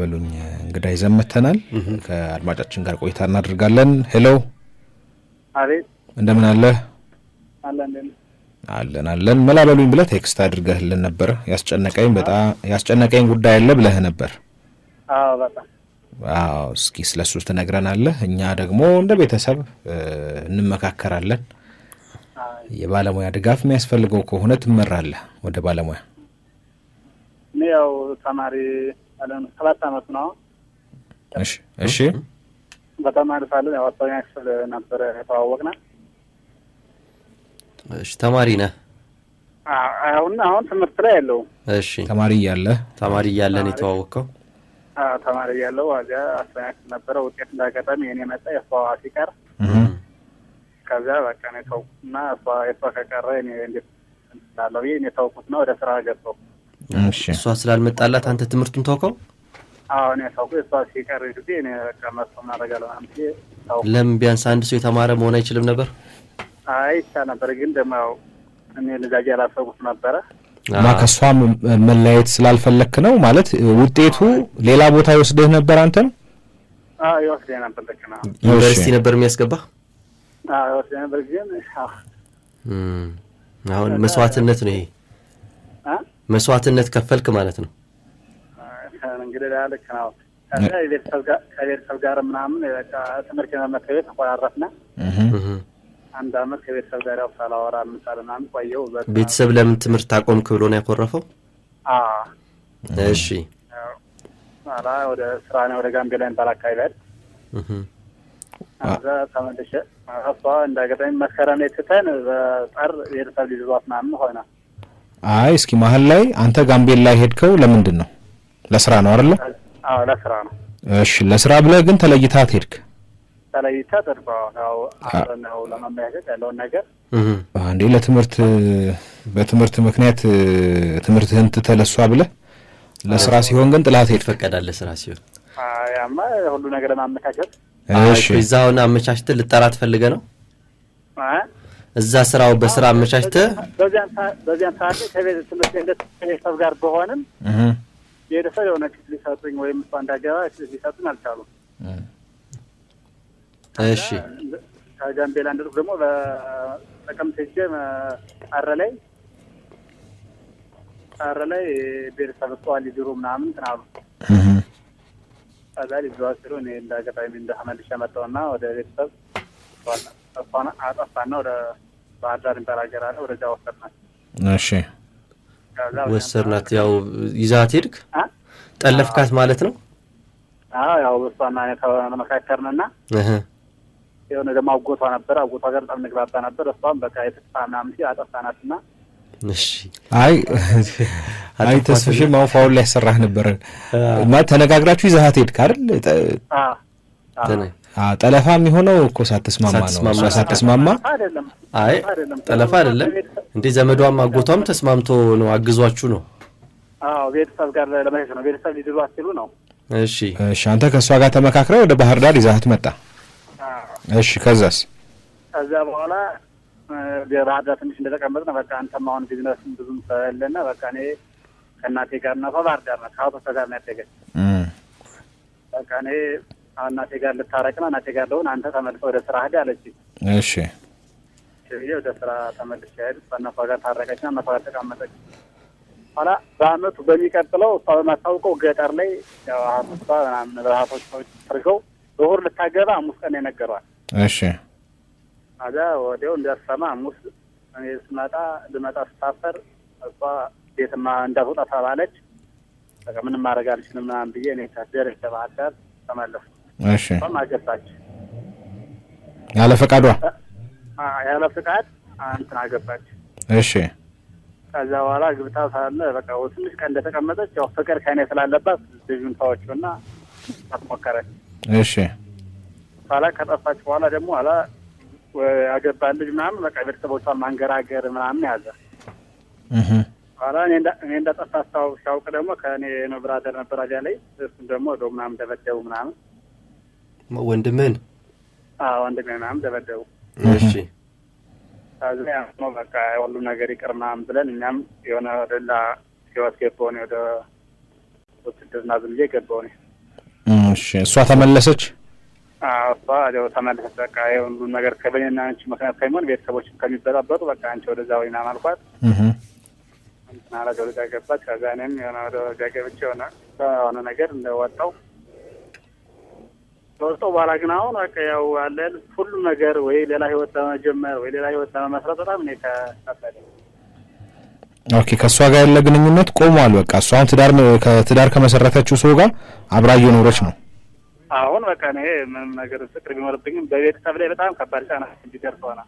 በሉኝ እንግዳ ይዘን ከአድማጫችን ጋር ቆይታ እናደርጋለን። ሄሎ እንደምን አለ አለን አለን መላ በሉኝ ቴክስት አድርገህልን ነበር ያስጨነቀኝ በጣም ያስጨነቀኝ ጉዳይ አለ ብለህ ነበር። አዎ እስኪ ስለሱ ትነግረናለህ። እኛ ደግሞ እንደ ቤተሰብ እንመካከራለን። የባለሙያ ድጋፍ የሚያስፈልገው ከሆነ ትመራለህ ወደ ባለሙያ። ያው ተማሪ ሰባት አመት ነው። እሺ በጣም አልፋለን። ያው አስረኛ ክፍል ነበረ የተዋወቅነ። እሺ ተማሪ ነህ? አሁን አሁን ትምህርት ላይ ያለው። እሺ ተማሪ እያለ ተማሪ እያለ ነው የተዋወቅከው? ተማሪ እያለው እዚያ አስተኛ ክፍል ነበረ። ውጤት እንዳጋጣሚ የኔ መጣ የሷ ሲቀር ከዚያ በቃ ነው የተዋወቅኩት እና የሷ ከቀረ እኔ እንዴት ላለው ብዬ እኔ የተዋወቅኩት ነው ወደ ስራ ገባሁ እሷ ስላልመጣላት አንተ ትምህርቱን ታውቀው ለምን ቢያንስ አንድ ሰው የተማረ መሆን አይችልም ነበር? አይቻ ነበር ግን ደግሞ እኔ ልጃጅ ያላሰቡት ነበረ እና ከእሷም መለያየት ስላልፈለክ ነው ማለት ውጤቱ ሌላ ቦታ ይወስደህ ነበር አንተን ይወስደኝ ነበር። ልክ ነው ዩኒቨርሲቲ ነበር የሚያስገባ ይወስደኝ ነበር ግን አሁን መስዋዕትነት ነው ይሄ መስዋዕትነት ከፈልክ ማለት ነው። ከቤተሰብ ጋር ምናምን ትምህርት የመመት ከቤት ተቆራረፍና አንድ አመት ከቤተሰብ ጋር ያው ሳላወራ ምሳል ምናምን ቆየው። ቤተሰብ ለምን ትምህርት ታቆምክ ብሎ ነው ያኮረፈው? እሺ ኋላ ወደ ስራ ወደ ጋምቤላ የሚባል አካባቢ እዛ ተመልሼ እሷ እንደ አጋጣሚ መስከረም ላይ ትተን በጠር ቤተሰብ ልጅ ምናምን ሆነ አይ እስኪ መሀል ላይ አንተ ጋምቤላ ሄድከው ለምንድን ነው? ለስራ ነው አይደለ? ለስራ ነው። እሺ ለስራ ብለህ ግን ተለይታት ሄድክ? ተለይታት አዎ። አብረነው ያለውን ነገር እንዴ ለትምህርት በትምህርት ምክንያት ትምህርትህን ትተለሷ ለሷ ብለህ ለስራ ሲሆን ግን ጥላት ሄድ ፈቀዳል ለስራ ሲሆን ያማ ሁሉ ነገር ለማመቻቸት። እሺ ሆነ አመቻችተህ ልጠራ ፈልገህ ነው? እዛ ስራው በስራ አመቻችተ በዚያን ሰዓት ከቤት ትምህርት ቤተሰብ ጋር በሆንም የደሰብ የሆነ ክፍል ሊሰጡኝ ወይም እሷ እንዳገባ ክፍል ሊሰጡኝ አልቻሉም። እሺ ከጋምቤላ እንደርኩ ደግሞ በጠቀምት ሄጄ አረ ላይ አረ ላይ ቤተሰብ ጠዋል ሊድሩ ምናምን ትናሉ አሉ። ከዛ ሊድሯ ሲሉ እኔ እንዳጋጣሚ እንዳመልሼ መጣሁና ወደ ቤተሰብ ዋና አጠፋና ወደ ባህር ዳር የሚባል ሀገር አለ። ወደዚያ ወሰድናት። እሺ ወሰድናት። ያው ይዛት ሄድክ ጠለፍካት ማለት ነው? አዎ ያው እሷና ተመካከርንና የሆነ ደግሞ አጎቷ ነበር። አጎቷ ጋር በጣም እንግባባ ነበር። እሷም በቃ የተስፋ ምናምን ሲል አጠፋናትና አይ አይ ተስፍሽ አሁን ፋውል ላይ ያሰራህ ነበረን ማለት ተነጋግራችሁ ይዘሃት ሄድክ አይደል? ጠለፋ የሚሆነው እኮ ሳትስማማ ነው። ሳትስማማ አይ ጠለፋ አይደለም እንዴ? ዘመዷም አጎቷም ተስማምቶ ነው አግዟችሁ ነው። ቤተሰብ ጋር ለመሄድ ነው። ቤተሰብ ሊድሯት ሲሉ ነው። እሺ፣ እሺ። አንተ ከእሷ ጋር ተመካክረ ወደ ባህር ዳር ይዛህት መጣ። እሺ፣ ከዛስ? ከዛ በኋላ ባህር ዳር ትንሽ ነው። በቃ አንተም አሁን ቢዝነስ ብዙም ስለሌለና በቃ እኔ ከእናቴ ጋር ና ባህር ዳር ነ ከአውቶ ጋር ነው ያደገች በቃ እኔ እናቴ ጋር ልታረቅ ነው እናቴ ጋር ለሆን አንተ ተመልሰ ወደ ስራ ሂድ አለች። እሺ ብዬ ወደ ስራ ተመልሼ ሄድ በእናቷ ጋር ታረቀች ና እናቷ ጋር ተቀመጠች። ኋላ በአመቱ በሚቀጥለው እሷ በማታውቀው ገጠር ላይ ሀቶቿ ሰዎች አድርገው እሑድ ልታገባ አሙስ ቀን የነገሯል። እሺ አዛ ወዲያው እንዲያሰማ አሙስ እኔ ስመጣ ልመጣ ስታፈር እሷ ቤትማ እንዳትወጣ ተባለች። በቃ ምንም ማድረግ አልችልም ምናምን ብዬ እኔ ደረጀ ባህር ዳር ተመለስኩ። አገባች ያለ ፈቃዷ ያለ ፈቃድ እንትን አገባች። እሺ ከዛ በኋላ ግብታ ሳለ በቃ ትንሽ ቀን እንደተቀመጠች ያው ፍቅር ከእኔ ስላለባት ልጁን ታዎቹና አትሞከረች። እሺ ኋላ ከጠፋች በኋላ ደግሞ ኋላ ያገባን ልጅ ምናምን በቃ ቤተሰቦቿን ማንገራገር ምናምን ያዘ። ኋላ እኔ እንዳጠፋ ሲያውቅ ደግሞ ከእኔ ነው ብራደር ነበራጃ ላይ እሱም ደግሞ ዶ ምናምን ደበደቡ ምናምን ወንድምህን? አዎ ወንድሜን ምናምን ደበደቡ። እሺ ከዚያ ነው በቃ ሁሉም ነገር ይቅር ምናምን ብለን እኛም የሆነ ወደላ ህይወት ገባሁኝ ወደ ውትድርና ዝም ብዬ ገባሁኝ። እሺ እሷ ተመለሰች? እሷ ተመለሰች። በቃ የሁሉም ነገር ከበኔና አንቺ ምክንያት ከሚሆን ቤተሰቦች ከሚበጣበጡ በቃ አንቺ ወደዛ ወይና ማልኳት እንትን አላት። ወደዛ ገባች። ከዛ እኔም የሆነ ወደ ወደዛ ገብቼ የሆነ ነገር እንደወጣው ከወጣሁ በኋላ ግን አሁን በቃ ያው አለን ሁሉም ነገር ወይ ሌላ ህይወት ለመጀመር ወይ ሌላ ህይወት ለመመስረት በጣም እኔ ከከበደ ኦኬ ከእሷ ጋር ያለ ግንኙነት ቆሟል። በቃ እሷ አሁን ትዳር ከትዳር ከመሰረተችው ሰው ጋር አብራ እየኖረች ነው። አሁን በቃ እኔ ምንም ነገር ፍቅር ቢኖርብኝም በቤተሰብ ላይ በጣም ከባድ ጫና እንዲደርስ ሆነ።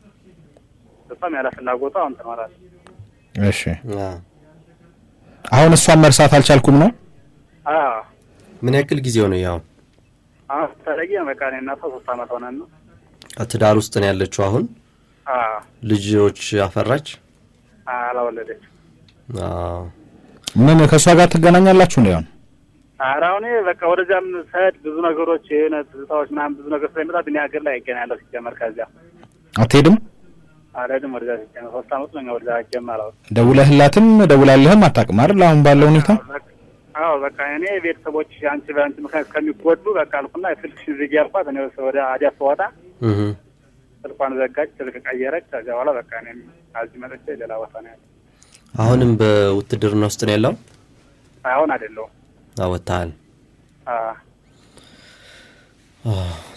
እሷም ያለ ፍላጎቷ አሁን ትኖራለች። እሺ አሁን እሷን መርሳት አልቻልኩም ነው። ምን ያክል ጊዜ ነው ያው አሁን ተለየ በቃ እኔ እና ሶስት አመት ሆነን ነው። ትዳር ውስጥ ነው ያለችው አሁን? ልጆች አፈራች? አላወለደች። ምን ከእሷ ጋር ትገናኛላችሁ ነው ያሁን? ኧረ እኔ በቃ ወደዚያም ሰድ ብዙ ነገሮች የሆነ ትዝታዎች ምናምን ብዙ ነገር ስለሚመጣ እኔ ሀገር ላይ ይገናኛለሁ። ሲጀመር ከዚያ አትሄድም? አልሄድም ወደዚያ ሲጀመር ሶስት አመቱ ነው። ወደዚያ ጀመር ደውለህላትም ደውላለህም አታውቅም አይደል? አሁን ባለው ሁኔታ አዎ በቃ እኔ ቤተሰቦች አንቺ በአንቺ ምክንያት ከሚጎዱ በቃ አልኩና ስልክሽን ዝጊ አልኳት። እኔ ወደ አዲያ ስወጣ ስልኳን ዘጋች፣ ስልክ ቀየረች። ከዚያ በኋላ በቃ እኔም እዚህ መጥቼ ሌላ ቦታ ነው ያለው። አሁንም በውትድርና ውስጥ ነው ያለው? አሁን አይደለሁም። አወታል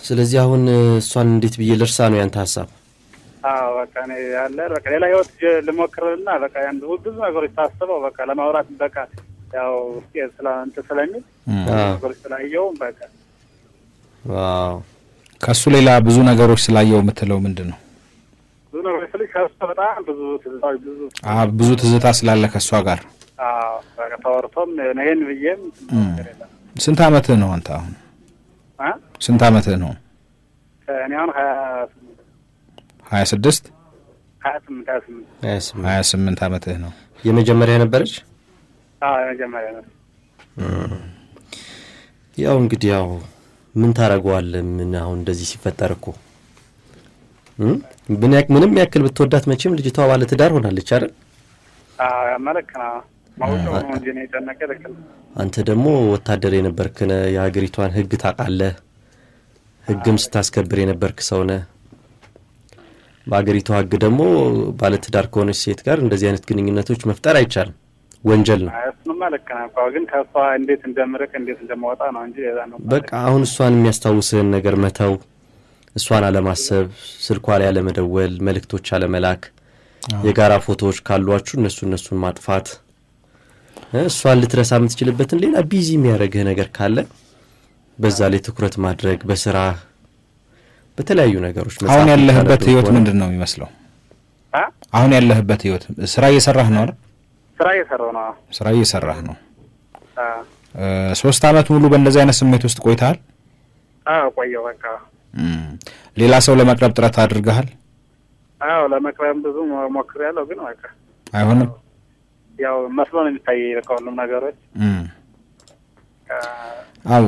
ስለዚህ አሁን እሷን እንዴት ብዬ ልርሳ ነው ያንተ ሀሳብ? በቃ እኔ ያለ በቃ ሌላ ህይወት ልሞክርልና በቃ ብዙ ነገሮች ታስበው በቃ ለማውራት በቃ ያው ውስጤ ስለ ስለሚል ስላየው በቃ ከእሱ ሌላ ብዙ ነገሮች ስላየው የምትለው ምንድን ነው? ብዙ ነገሮች ከእሱ በጣም ብዙ ብዙ ብዙ ትዝታ ስላለ ከእሷ ጋር ተወርቶም ይህን ብዬም ስንት አመትህ ነው አንተ አሁን? ስንት አመትህ ነው? እኔ አሁን ሀያ ስድስት ሀያ ስምንት ሀያ ስምንት አመትህ ነው። የመጀመሪያ ነበረች ነው። ያው እንግዲህ ያው ምን ታደርገዋል? ምን አሁን እንደዚህ ሲፈጠር እኮ ምንም ያክል ብትወዳት መቼም ልጅቷ ባለ ትዳር ሆናለች አይደል? አንተ ደግሞ ወታደር የነበርክነ የሀገሪቷን ሕግ ታውቃለህ። ሕግም ስታስከብር የነበርክ ሰው ነህ። በሀገሪቷ ሕግ ደግሞ ባለትዳር ከሆነች ሴት ጋር እንደዚህ አይነት ግንኙነቶች መፍጠር አይቻልም። ወንጀል ነው። እሱንማ ልክ ነህ ግን ከእሷ እንዴት እንደምርቅ እንዴት እንደማወጣ ነው እንጂ በቃ አሁን እሷን የሚያስታውስህን ነገር መተው፣ እሷን አለማሰብ፣ ስልኳ ላይ አለመደወል፣ መልእክቶች አለመላክ፣ የጋራ ፎቶዎች ካሏችሁ እነሱ እነሱን ማጥፋት፣ እሷን ልትረሳ የምትችልበትን ሌላ ቢዚ የሚያደርግህ ነገር ካለ በዛ ላይ ትኩረት ማድረግ በስራ በተለያዩ ነገሮች። አሁን ያለህበት ህይወት ምንድን ነው የሚመስለው? አሁን ያለህበት ህይወት ስራ እየሰራህ ነው አይደል? ስራ እየሰራሁ ነው። ስራ እየሰራህ ነው። ሶስት አመት ሙሉ በእንደዚህ አይነት ስሜት ውስጥ ቆይተሃል? አዎ ቆየሁ። በቃ ሌላ ሰው ለመቅረብ ጥረት አድርገሃል? አዎ ለመቅረብ ብዙ ሞክሬያለሁ፣ ግን በቃ አይሆንም። ያው መስሎ ነው የሚታየኝ በቃ ሁሉም ነገሮች አው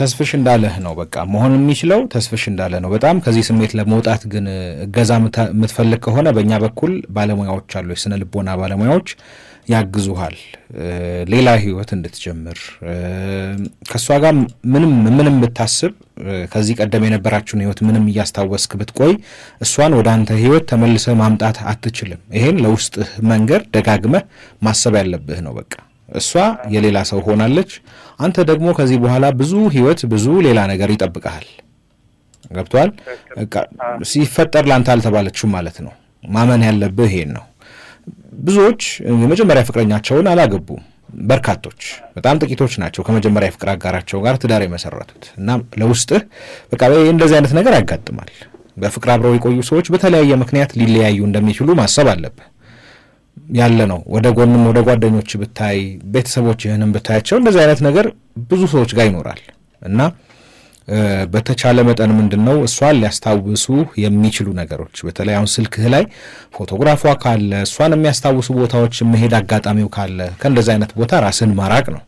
ተስፍሽ እንዳለህ ነው። በቃ መሆን የሚችለው ተስፍሽ እንዳለ ነው። በጣም ከዚህ ስሜት ለመውጣት ግን እገዛ የምትፈልግ ከሆነ በእኛ በኩል ባለሙያዎች አሉ፣ የስነ ልቦና ባለሙያዎች ያግዙሃል። ሌላ ህይወት እንድትጀምር ከእሷ ጋር ምንም ምንም ብታስብ ከዚህ ቀደም የነበራችሁን ህይወት ምንም እያስታወስክ ብትቆይ እሷን ወደ አንተ ህይወት ተመልሰ ማምጣት አትችልም። ይሄን ለውስጥህ መንገድ ደጋግመህ ማሰብ ያለብህ ነው በቃ እሷ የሌላ ሰው ሆናለች። አንተ ደግሞ ከዚህ በኋላ ብዙ ህይወት፣ ብዙ ሌላ ነገር ይጠብቀሃል። ገብቷል። ሲፈጠር ለአንተ አልተባለችም ማለት ነው። ማመን ያለብህ ይሄን ነው። ብዙዎች የመጀመሪያ ፍቅረኛቸውን አላገቡም። በርካቶች በጣም ጥቂቶች ናቸው ከመጀመሪያ የፍቅር አጋራቸው ጋር ትዳር የመሰረቱት። እና ለውስጥህ በቃ እንደዚህ አይነት ነገር ያጋጥማል። በፍቅር አብረው የቆዩ ሰዎች በተለያየ ምክንያት ሊለያዩ እንደሚችሉ ማሰብ አለብህ። ያለ ነው። ወደ ጎንም ወደ ጓደኞች ብታይ ቤተሰቦች ይህንም ብታያቸው እንደዚህ አይነት ነገር ብዙ ሰዎች ጋር ይኖራል እና በተቻለ መጠን ምንድን ነው እሷን ሊያስታውሱ የሚችሉ ነገሮች በተለይ አሁን ስልክህ ላይ ፎቶግራፏ ካለ እሷን የሚያስታውሱ ቦታዎች መሄድ አጋጣሚው ካለ ከእንደዚህ አይነት ቦታ ራስን ማራቅ ነው።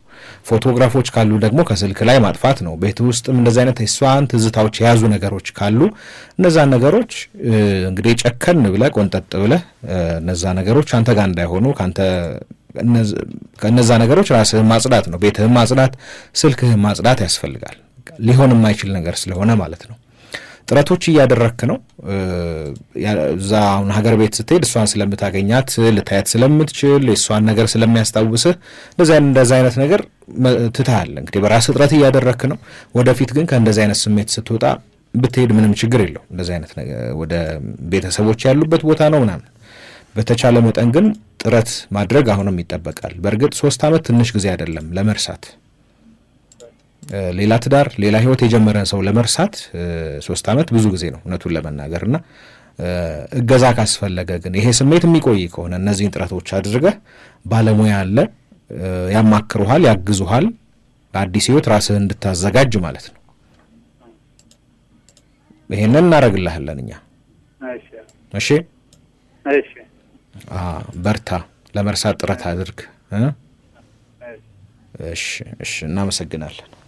ፎቶግራፎች ካሉ ደግሞ ከስልክ ላይ ማጥፋት ነው። ቤት ውስጥም እንደዚህ አይነት የሷን ትዝታዎች የያዙ ነገሮች ካሉ እነዛ ነገሮች እንግዲህ ጨከን ብለ ቆንጠጥ ብለ እነዛ ነገሮች አንተ ጋር እንዳይሆኑ ከአንተ ከእነዛ ነገሮች ራስህን ማጽዳት ነው። ቤትህን ማጽዳት፣ ስልክህን ማጽዳት ያስፈልጋል። ሊሆን የማይችል ነገር ስለሆነ ማለት ነው። ጥረቶች እያደረክ ነው። እዛ አሁን ሀገር ቤት ስትሄድ እሷን ስለምታገኛት ልታያት ስለምትችል የእሷን ነገር ስለሚያስታውስህ እንደዚ አይነት ነገር ትታሃል። እንግዲህ በራስ ጥረት እያደረክ ነው። ወደፊት ግን ከእንደዚ አይነት ስሜት ስትወጣ ብትሄድ ምንም ችግር የለው። እንደዚ አይነት ወደ ቤተሰቦች ያሉበት ቦታ ነው ምናምን። በተቻለ መጠን ግን ጥረት ማድረግ አሁንም ይጠበቃል። በእርግጥ ሶስት ዓመት ትንሽ ጊዜ አይደለም ለመርሳት ሌላ ትዳር ሌላ ህይወት የጀመረን ሰው ለመርሳት ሶስት ዓመት ብዙ ጊዜ ነው እውነቱን ለመናገር እና እገዛ ካስፈለገ ግን ይሄ ስሜት የሚቆይ ከሆነ እነዚህን ጥረቶች አድርገህ ባለሙያ አለ፣ ያማክሩሃል፣ ያግዙሃል ለአዲስ ህይወት ራስህ እንድታዘጋጅ ማለት ነው። ይሄንን እናደርግልሃለን እኛ። እሺ በርታ፣ ለመርሳት ጥረት አድርግ። እሺ፣ እሺ፣ እናመሰግናለን።